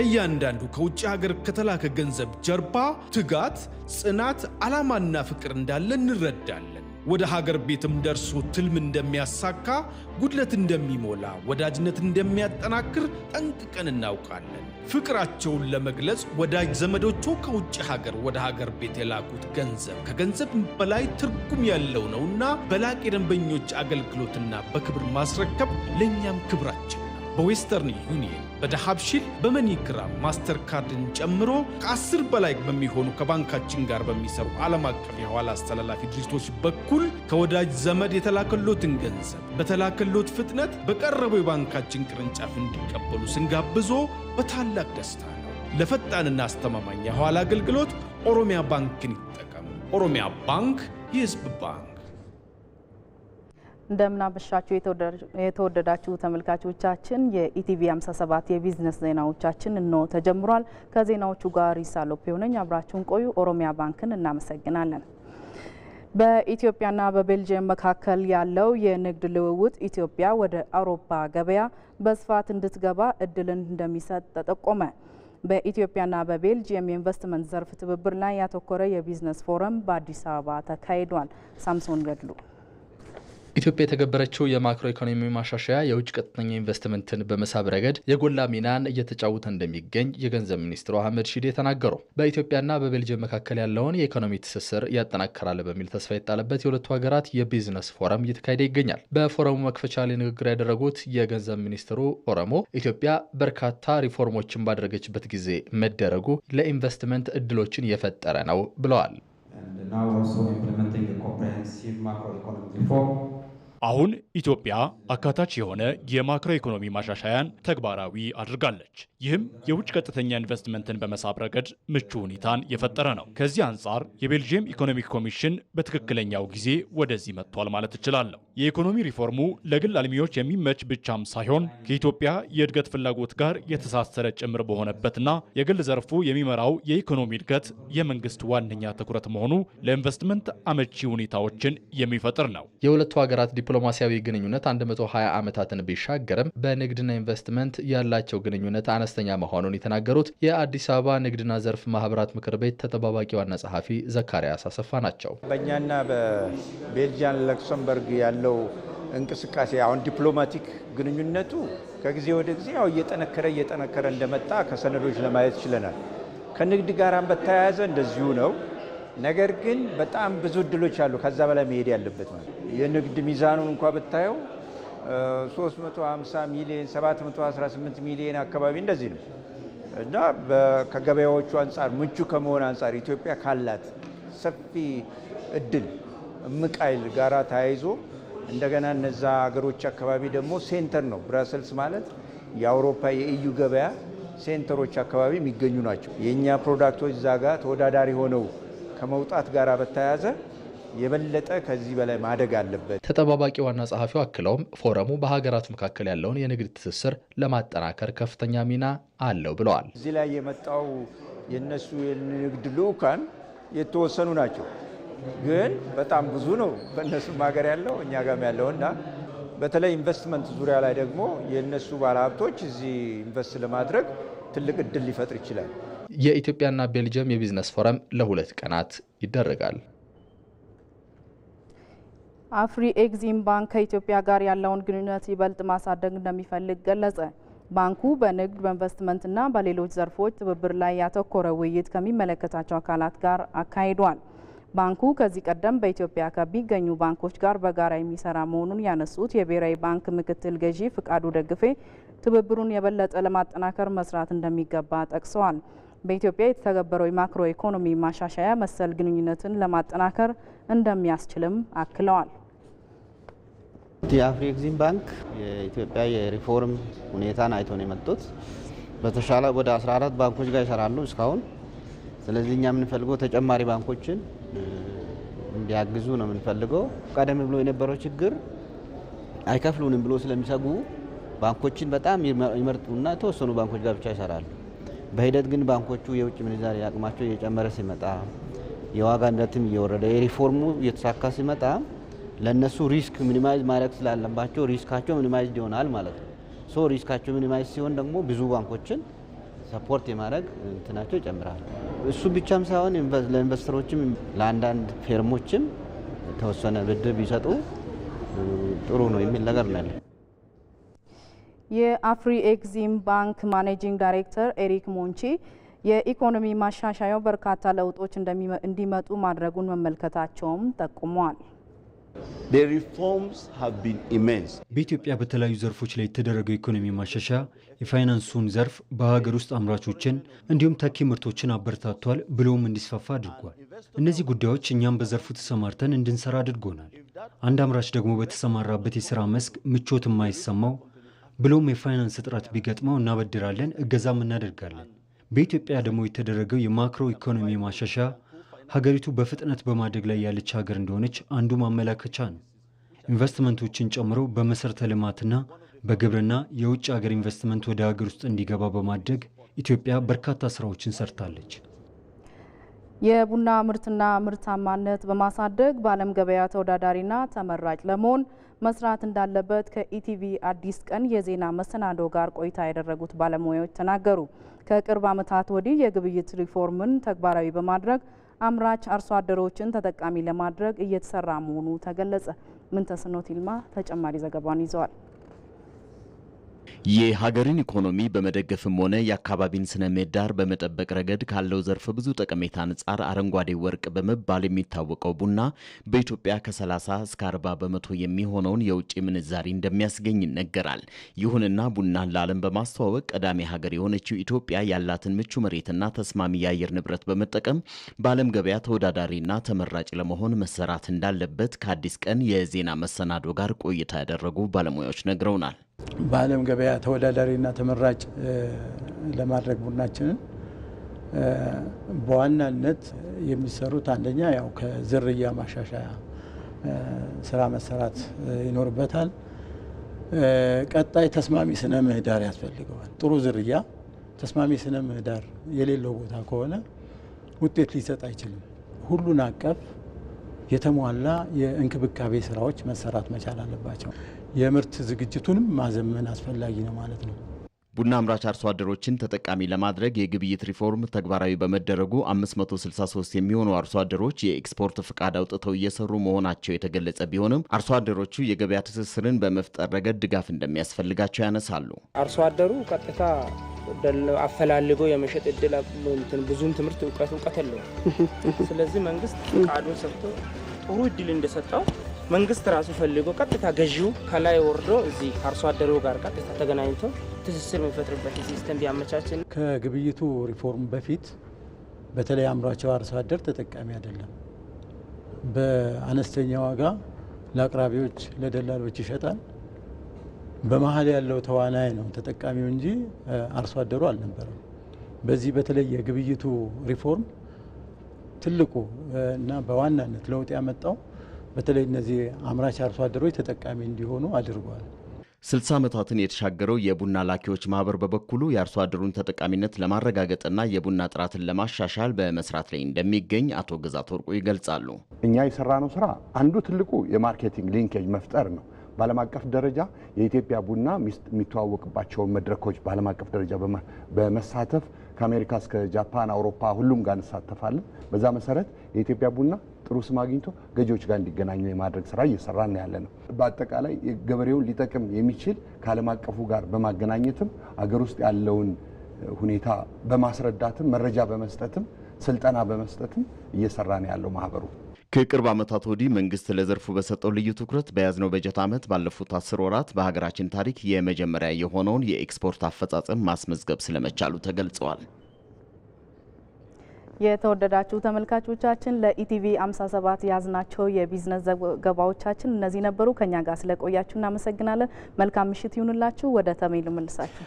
ከእያንዳንዱ ከውጭ ሀገር ከተላከ ገንዘብ ጀርባ ትጋት፣ ጽናት፣ ዓላማና ፍቅር እንዳለ እንረዳለን። ወደ ሀገር ቤትም ደርሶ ትልም እንደሚያሳካ፣ ጉድለት እንደሚሞላ፣ ወዳጅነት እንደሚያጠናክር ጠንቅቀን እናውቃለን። ፍቅራቸውን ለመግለጽ ወዳጅ ዘመዶቹ ከውጭ ሀገር ወደ ሀገር ቤት የላኩት ገንዘብ ከገንዘብ በላይ ትርጉም ያለው ነውና በላቅ የደንበኞች አገልግሎትና በክብር ማስረከብ ለእኛም ክብራቸው በዌስተርን ዩኒየን በደሃብሺል በመኒግራም ማስተርካርድን ጨምሮ ከአስር በላይ በሚሆኑ ከባንካችን ጋር በሚሰሩ ዓለም አቀፍ የኋላ አስተላላፊ ድርጅቶች በኩል ከወዳጅ ዘመድ የተላከሎትን ገንዘብ በተላከሎት ፍጥነት በቀረበው የባንካችን ቅርንጫፍ እንዲቀበሉ ስንጋብዞ በታላቅ ደስታ ነው። ለፈጣንና አስተማማኝ የኋላ አገልግሎት ኦሮሚያ ባንክን ይጠቀሙ። ኦሮሚያ ባንክ የህዝብ ባንክ እንደምናመሻችሁ የተወደዳችሁ ተመልካቾቻችን፣ የኢቲቪ 57 የቢዝነስ ዜናዎቻችን እንሆ ተጀምሯል። ከዜናዎቹ ጋር ይሳሎፕ የሆነኝ አብራችሁን ቆዩ። ኦሮሚያ ባንክን እናመሰግናለን። በኢትዮጵያና በቤልጅየም መካከል ያለው የንግድ ልውውጥ ኢትዮጵያ ወደ አውሮፓ ገበያ በስፋት እንድትገባ እድልን እንደሚሰጥ ተጠቆመ። በኢትዮጵያና በቤልጅየም የኢንቨስትመንት ዘርፍ ትብብር ላይ ያተኮረ የቢዝነስ ፎረም በአዲስ አበባ ተካሂዷል። ሳምሶን ገድሉ ኢትዮጵያ የተገበረችው የማክሮ ኢኮኖሚ ማሻሻያ የውጭ ቀጥተኛ ኢንቨስትመንትን በመሳብ ረገድ የጎላ ሚናን እየተጫወተ እንደሚገኝ የገንዘብ ሚኒስትሩ አህመድ ሺዴ ተናገሩ። በኢትዮጵያና በቤልጅየም መካከል ያለውን የኢኮኖሚ ትስስር ያጠናከራል በሚል ተስፋ የጣለበት የሁለቱ ሀገራት የቢዝነስ ፎረም እየተካሄደ ይገኛል። በፎረሙ መክፈቻ ላይ ንግግር ያደረጉት የገንዘብ ሚኒስትሩ ኦሮሞ ኢትዮጵያ በርካታ ሪፎርሞችን ባደረገችበት ጊዜ መደረጉ ለኢንቨስትመንት እድሎችን የፈጠረ ነው ብለዋል። አሁን ኢትዮጵያ አካታች የሆነ የማክሮ ኢኮኖሚ ማሻሻያን ተግባራዊ አድርጋለች። ይህም የውጭ ቀጥተኛ ኢንቨስትመንትን በመሳብ ረገድ ምቹ ሁኔታን የፈጠረ ነው። ከዚህ አንጻር የቤልጅየም ኢኮኖሚክ ኮሚሽን በትክክለኛው ጊዜ ወደዚህ መጥቷል ማለት እችላለሁ። የኢኮኖሚ ሪፎርሙ ለግል አልሚዎች የሚመች ብቻም ሳይሆን ከኢትዮጵያ የእድገት ፍላጎት ጋር የተሳሰረ ጭምር በሆነበትና የግል ዘርፉ የሚመራው የኢኮኖሚ እድገት የመንግስት ዋነኛ ትኩረት መሆኑ ለኢንቨስትመንት አመቺ ሁኔታዎችን የሚፈጥር ነው። የሁለቱ ሀገራት ዲፕሎማሲያዊ ግንኙነት 120 ዓመታትን ቢሻገርም በንግድና ኢንቨስትመንት ያላቸው ግንኙነት አነስተኛ መሆኑን የተናገሩት የአዲስ አበባ ንግድና ዘርፍ ማህበራት ምክር ቤት ተጠባባቂ ዋና ጸሐፊ ዘካሪያስ አሰፋ ናቸው። በእኛና በቤልጂያን ለክሰምበርግ ያለው ያለው እንቅስቃሴ አሁን ዲፕሎማቲክ ግንኙነቱ ከጊዜ ወደ ጊዜ ያው እየጠነከረ እየጠነከረ እንደመጣ ከሰነዶች ለማየት ችለናል። ከንግድ ጋራም በተያያዘ እንደዚሁ ነው። ነገር ግን በጣም ብዙ እድሎች አሉ። ከዛ በላይ መሄድ ያለበት ነው። የንግድ ሚዛኑን እንኳ ብታየው 350 ሚሊዮን 718 ሚሊዮን አካባቢ እንደዚህ ነው እና ከገበያዎቹ አንጻር ምቹ ከመሆን አንጻር ኢትዮጵያ ካላት ሰፊ እድል ምቃይል ጋራ ተያይዞ እንደገና እነዛ ሀገሮች አካባቢ ደግሞ ሴንተር ነው። ብራሰልስ ማለት የአውሮፓ የኢዩ ገበያ ሴንተሮች አካባቢ የሚገኙ ናቸው። የእኛ ፕሮዳክቶች እዛ ጋር ተወዳዳሪ ሆነው ከመውጣት ጋር በተያያዘ የበለጠ ከዚህ በላይ ማደግ አለበት። ተጠባባቂ ዋና ጸሐፊው አክለውም ፎረሙ በሀገራቱ መካከል ያለውን የንግድ ትስስር ለማጠናከር ከፍተኛ ሚና አለው ብለዋል። እዚህ ላይ የመጣው የእነሱ የንግድ ልዑካን የተወሰኑ ናቸው። ግን በጣም ብዙ ነው በእነሱም ሀገር ያለው እኛ ጋም ያለው እና በተለይ ኢንቨስትመንት ዙሪያ ላይ ደግሞ የእነሱ ባለሀብቶች እዚህ ኢንቨስት ለማድረግ ትልቅ እድል ሊፈጥር ይችላል። የኢትዮጵያና ቤልጅየም የቢዝነስ ፎረም ለሁለት ቀናት ይደረጋል። አፍሪ ኤግዚም ባንክ ከኢትዮጵያ ጋር ያለውን ግንኙነት ይበልጥ ማሳደግ እንደሚፈልግ ገለጸ። ባንኩ በንግድ በኢንቨስትመንትና በሌሎች ዘርፎች ትብብር ላይ ያተኮረ ውይይት ከሚመለከታቸው አካላት ጋር አካሂዷል። ባንኩ ከዚህ ቀደም በኢትዮጵያ ከሚገኙ ባንኮች ጋር በጋራ የሚሰራ መሆኑን ያነሱት የብሔራዊ ባንክ ምክትል ገዢ ፍቃዱ ደግፌ ትብብሩን የበለጠ ለማጠናከር መስራት እንደሚገባ ጠቅሰዋል። በኢትዮጵያ የተተገበረው የማክሮ ኢኮኖሚ ማሻሻያ መሰል ግንኙነትን ለማጠናከር እንደሚያስችልም አክለዋል። የአፍሪኤግዚም ባንክ የኢትዮጵያ የሪፎርም ሁኔታን አይቶ ነው የመጡት። በተሻለ ወደ 14 ባንኮች ጋር ይሰራሉ እስካሁን። ስለዚህ እኛ የምንፈልገው ተጨማሪ ባንኮችን እንዲያግዙ ነው የምንፈልገው። ቀደም ብሎ የነበረው ችግር አይከፍሉንም ብሎ ስለሚሰጉ ባንኮችን በጣም ይመርጡና የተወሰኑ ባንኮች ጋር ብቻ ይሰራሉ። በሂደት ግን ባንኮቹ የውጭ ምንዛሪ አቅማቸው እየጨመረ ሲመጣ፣ የዋጋ ንረትም እየወረደ የሪፎርሙ እየተሳካ ሲመጣ ለእነሱ ሪስክ ሚኒማይዝ ማድረግ ስላለባቸው ሪስካቸው ሚኒማይዝ ይሆናል ማለት ነው። ሶ ሪስካቸው ሚኒማይዝ ሲሆን ደግሞ ብዙ ባንኮችን ሰፖርት የማድረግ እንትናቸው ይጨምራል። እሱ ብቻም ሳይሆን ለኢንቨስተሮችም ለአንዳንድ ፌርሞችም ተወሰነ ብድር ቢሰጡ ጥሩ ነው የሚል ነገር ነው ያለን። የአፍሪ ኤግዚም ባንክ ማኔጂንግ ዳይሬክተር ኤሪክ ሞንቺ የኢኮኖሚ ማሻሻያው በርካታ ለውጦች እንዲመጡ ማድረጉን መመልከታቸውም ጠቁመዋል። በኢትዮጵያ በተለያዩ ዘርፎች ላይ የተደረገው ኢኮኖሚ ማሻሻያ የፋይናንሱን ዘርፍ በሀገር ውስጥ አምራቾችን እንዲሁም ተኪ ምርቶችን አበረታቷል ብሎም እንዲስፋፋ አድርጓል። እነዚህ ጉዳዮች እኛም በዘርፉ ተሰማርተን እንድንሰራ አድርጎናል። አንድ አምራች ደግሞ በተሰማራበት የሥራ መስክ ምቾት የማይሰማው ብሎም የፋይናንስ እጥረት ቢገጥመው እናበድራለን፣ እገዛም እናደርጋለን። በኢትዮጵያ ደግሞ የተደረገው የማክሮ ኢኮኖሚ ማሻሻያ ሀገሪቱ በፍጥነት በማደግ ላይ ያለች ሀገር እንደሆነች አንዱ ማመላከቻ ነው። ኢንቨስትመንቶችን ጨምሮ በመሰረተ ልማትና በግብርና የውጭ ሀገር ኢንቨስትመንት ወደ ሀገር ውስጥ እንዲገባ በማድረግ ኢትዮጵያ በርካታ ስራዎችን ሰርታለች። የቡና ምርትና ምርታማነት በማሳደግ በዓለም ገበያ ተወዳዳሪና ተመራጭ ለመሆን መስራት እንዳለበት ከኢቲቪ አዲስ ቀን የዜና መሰናዶ ጋር ቆይታ ያደረጉት ባለሙያዎች ተናገሩ። ከቅርብ ዓመታት ወዲህ የግብይት ሪፎርምን ተግባራዊ በማድረግ አምራች አርሶ አደሮችን ተጠቃሚ ለማድረግ እየተሰራ መሆኑ ተገለጸ። ምንተስኖት ይልማ ተጨማሪ ዘገባውን ይዘዋል። የሀገርን ኢኮኖሚ በመደገፍም ሆነ የአካባቢን ስነ ምህዳር በመጠበቅ ረገድ ካለው ዘርፈ ብዙ ጠቀሜታ አንጻር አረንጓዴ ወርቅ በመባል የሚታወቀው ቡና በኢትዮጵያ ከ30 እስከ 40 በመቶ የሚሆነውን የውጭ ምንዛሪ እንደሚያስገኝ ይነገራል። ይሁንና ቡናን ለዓለም በማስተዋወቅ ቀዳሚ ሀገር የሆነችው ኢትዮጵያ ያላትን ምቹ መሬትና ተስማሚ የአየር ንብረት በመጠቀም በዓለም ገበያ ተወዳዳሪና ተመራጭ ለመሆን መሰራት እንዳለበት ከአዲስ ቀን የዜና መሰናዶ ጋር ቆይታ ያደረጉ ባለሙያዎች ነግረውናል። በዓለም ገበያ ተወዳዳሪና ተመራጭ ለማድረግ ቡናችንን በዋናነት የሚሰሩት አንደኛ ያው ከዝርያ ማሻሻያ ስራ መሰራት ይኖርበታል። ቀጣይ ተስማሚ ስነ ምህዳር ያስፈልገዋል። ጥሩ ዝርያ ተስማሚ ስነ ምህዳር የሌለው ቦታ ከሆነ ውጤት ሊሰጥ አይችልም። ሁሉን አቀፍ የተሟላ የእንክብካቤ ስራዎች መሰራት መቻል አለባቸው። የምርት ዝግጅቱንም ማዘመን አስፈላጊ ነው ማለት ነው። ቡና አምራች አርሶ አደሮችን ተጠቃሚ ለማድረግ የግብይት ሪፎርም ተግባራዊ በመደረጉ 563 የሚሆኑ አርሶ አደሮች የኤክስፖርት ፍቃድ አውጥተው እየሰሩ መሆናቸው የተገለጸ ቢሆንም አርሶ አደሮቹ የገበያ ትስስርን በመፍጠር ረገድ ድጋፍ እንደሚያስፈልጋቸው ያነሳሉ። አርሶ አደሩ ቀጥታ አፈላልጎ የመሸጥ እድል ብዙም ትምህርት እውቀት እውቀት የለውም። ስለዚህ መንግስት ፍቃዱን ሰጥቶ ጥሩ እድል እንደሰጠው መንግስት ራሱ ፈልጎ ቀጥታ ገዢው ከላይ ወርዶ እዚህ አርሶ አደሩ ጋር ቀጥታ ተገናኝቶ ትስስር የምንፈጥርበት ሲስተም ቢያመቻችን። ከግብይቱ ሪፎርም በፊት በተለይ አምራቸው አርሶ አደር ተጠቃሚ አይደለም። በአነስተኛ ዋጋ ለአቅራቢዎች፣ ለደላሎች ይሸጣል። በመሀል ያለው ተዋናይ ነው ተጠቃሚው እንጂ አርሶ አደሩ አልነበረም። በዚህ በተለይ የግብይቱ ሪፎርም ትልቁ እና በዋናነት ለውጥ ያመጣው በተለይ እነዚህ አምራች አርሶ አደሮች ተጠቃሚ እንዲሆኑ አድርጓል። 60 ዓመታትን የተሻገረው የቡና ላኪዎች ማህበር በበኩሉ የአርሶ አደሩን ተጠቃሚነት ለማረጋገጥና የቡና ጥራትን ለማሻሻል በመስራት ላይ እንደሚገኝ አቶ ግዛት ወርቁ ይገልጻሉ። እኛ የሰራነው ስራ አንዱ ትልቁ የማርኬቲንግ ሊንኬጅ መፍጠር ነው። በዓለም አቀፍ ደረጃ የኢትዮጵያ ቡና የሚተዋወቅባቸውን መድረኮች በዓለም አቀፍ ደረጃ በመሳተፍ ከአሜሪካ እስከ ጃፓን፣ አውሮፓ ሁሉም ጋር እንሳተፋለን። በዛ መሰረት የኢትዮጵያ ቡና ጥሩ ስም አግኝቶ ገዢዎች ጋር እንዲገናኙ የማድረግ ስራ እየሰራ ነው ያለ ነው። በአጠቃላይ ገበሬውን ሊጠቅም የሚችል ከዓለም አቀፉ ጋር በማገናኘትም አገር ውስጥ ያለውን ሁኔታ በማስረዳትም መረጃ በመስጠትም ስልጠና በመስጠትም እየሰራ ነው ያለው ማህበሩ። ከቅርብ ዓመታት ወዲህ መንግስት ለዘርፉ በሰጠው ልዩ ትኩረት በያዝነው በጀት ዓመት ባለፉት አስር ወራት በሀገራችን ታሪክ የመጀመሪያ የሆነውን የኤክስፖርት አፈጻጸም ማስመዝገብ ስለመቻሉ ተገልጸዋል። የተወደዳችሁ ተመልካቾቻችን ለኢቲቪ 57 ያዝናቸው የቢዝነስ ዘገባዎቻችን እነዚህ ነበሩ። ከኛ ጋር ስለቆያችሁ እናመሰግናለን። መልካም ምሽት ይሁንላችሁ። ወደ ተሜ ልመልሳችሁ።